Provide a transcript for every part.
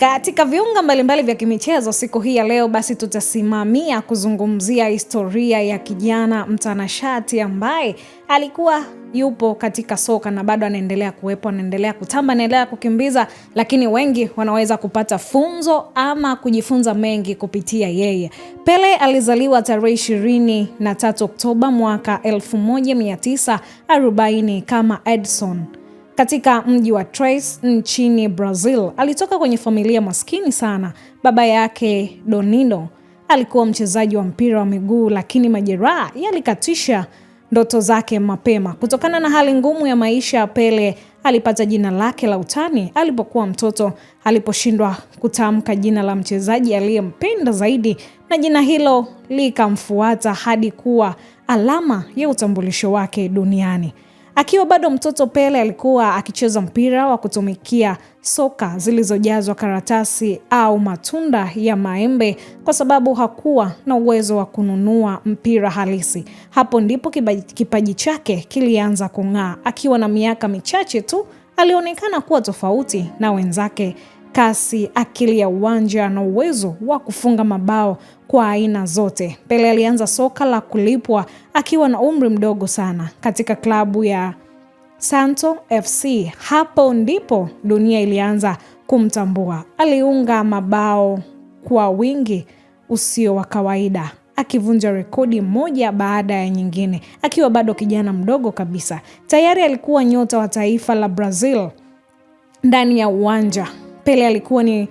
Katika viunga mbalimbali vya kimichezo siku hii ya leo, basi tutasimamia kuzungumzia historia ya kijana mtanashati ambaye alikuwa yupo katika soka na bado anaendelea kuwepo, anaendelea kutamba, anaendelea kukimbiza, lakini wengi wanaweza kupata funzo ama kujifunza mengi kupitia yeye. Pele alizaliwa tarehe ishirini na tatu Oktoba mwaka 1940 kama Edson katika mji wa Trace nchini Brazil. Alitoka kwenye familia maskini sana. Baba yake Donino alikuwa mchezaji wa mpira wa miguu, lakini majeraha yalikatisha ndoto zake mapema. Kutokana na hali ngumu ya maisha, Pele alipata jina lake la utani alipokuwa mtoto, aliposhindwa kutamka jina la mchezaji aliyempenda zaidi, na jina hilo likamfuata hadi kuwa alama ya utambulisho wake duniani. Akiwa bado mtoto, Pele alikuwa akicheza mpira wa kutumikia soka zilizojazwa karatasi au matunda ya maembe kwa sababu hakuwa na uwezo wa kununua mpira halisi. Hapo ndipo kipaji chake kilianza kung'aa. Akiwa na miaka michache tu alionekana kuwa tofauti na wenzake kasi, akili ya uwanja na uwezo wa kufunga mabao kwa aina zote. Pele alianza soka la kulipwa akiwa na umri mdogo sana katika klabu ya Santo FC. Hapo ndipo dunia ilianza kumtambua. Aliunga mabao kwa wingi usio wa kawaida akivunja rekodi moja baada ya nyingine. Akiwa bado kijana mdogo kabisa, tayari alikuwa nyota wa taifa la Brazil ndani ya uwanja. Pele alikuwa ni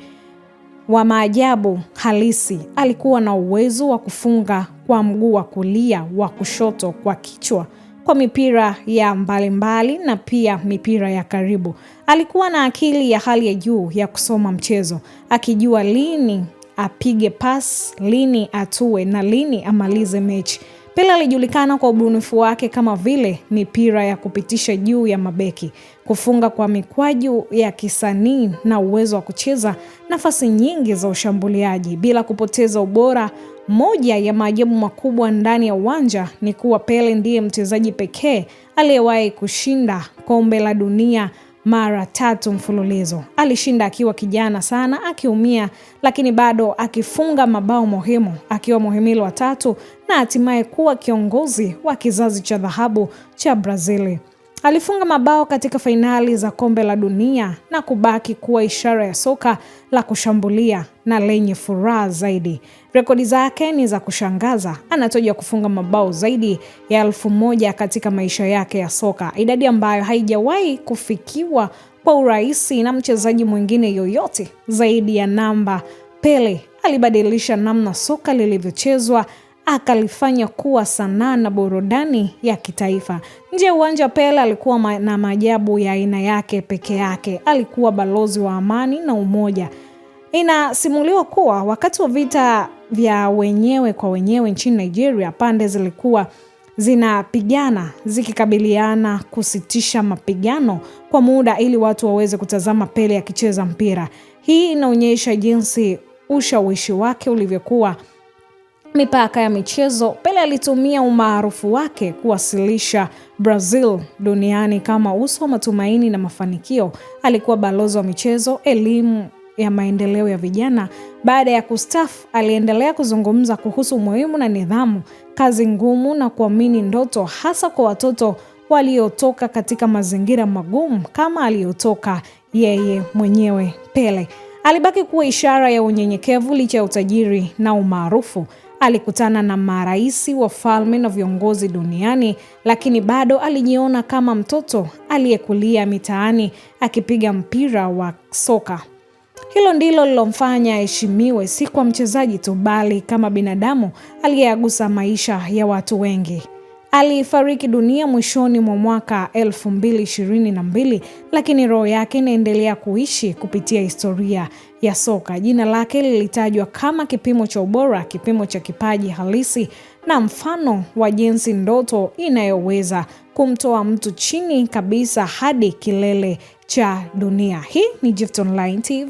wa maajabu halisi. Alikuwa na uwezo wa kufunga kwa mguu wa kulia, wa kushoto, kwa kichwa, kwa mipira ya mbalimbali mbali, na pia mipira ya karibu. Alikuwa na akili ya hali ya juu ya kusoma mchezo, akijua lini apige pas, lini atue na lini amalize mechi. Pele alijulikana kwa ubunifu wake kama vile mipira ya kupitisha juu ya mabeki, kufunga kwa mikwaju ya kisanii na uwezo wa kucheza nafasi nyingi za ushambuliaji bila kupoteza ubora. Moja ya maajabu makubwa ndani ya uwanja ni kuwa Pele ndiye mchezaji pekee aliyewahi kushinda kombe la dunia mara tatu mfululizo. Alishinda akiwa kijana sana, akiumia lakini bado akifunga mabao muhimu, akiwa muhimili wa tatu na hatimaye kuwa kiongozi wa kizazi cha dhahabu cha Brazili. Alifunga mabao katika fainali za kombe la dunia na kubaki kuwa ishara ya soka la kushambulia na lenye furaha zaidi. Rekodi zake ni za kushangaza. Anatoja kufunga mabao zaidi ya elfu moja katika maisha yake ya soka, idadi ambayo haijawahi kufikiwa kwa urahisi na mchezaji mwingine yoyote zaidi ya namba Pele. Alibadilisha namna soka lilivyochezwa akalifanya kuwa sanaa na burudani ya kitaifa. Nje ya uwanja, Pele alikuwa na maajabu ya aina yake peke yake. Alikuwa balozi wa amani na umoja. Inasimuliwa kuwa wakati wa vita vya wenyewe kwa wenyewe nchini Nigeria, pande zilikuwa zinapigana zikikabiliana kusitisha mapigano kwa muda ili watu waweze kutazama Pele akicheza mpira. Hii inaonyesha jinsi ushawishi wake ulivyokuwa mipaka ya michezo, Pele alitumia umaarufu wake kuwasilisha Brazil duniani kama uso wa matumaini na mafanikio. Alikuwa balozi wa michezo, elimu ya maendeleo ya vijana. Baada ya kustaafu, aliendelea kuzungumza kuhusu umuhimu na nidhamu, kazi ngumu na kuamini ndoto, hasa kwa watoto waliotoka katika mazingira magumu kama aliyotoka yeye mwenyewe. Pele alibaki kuwa ishara ya unyenyekevu licha ya utajiri na umaarufu. Alikutana na marais, wafalme na viongozi duniani, lakini bado alijiona kama mtoto aliyekulia mitaani akipiga mpira wa soka. Hilo ndilo lilomfanya aheshimiwe, si kwa mchezaji tu, bali kama binadamu aliyeagusa maisha ya watu wengi alifariki dunia mwishoni mwa mwaka 2022 lakini roho yake inaendelea kuishi kupitia historia ya soka. Jina lake lilitajwa kama kipimo cha ubora, kipimo cha kipaji halisi na mfano wa jinsi ndoto inayoweza kumtoa mtu chini kabisa hadi kilele cha dunia. Hii ni Gift Online TV.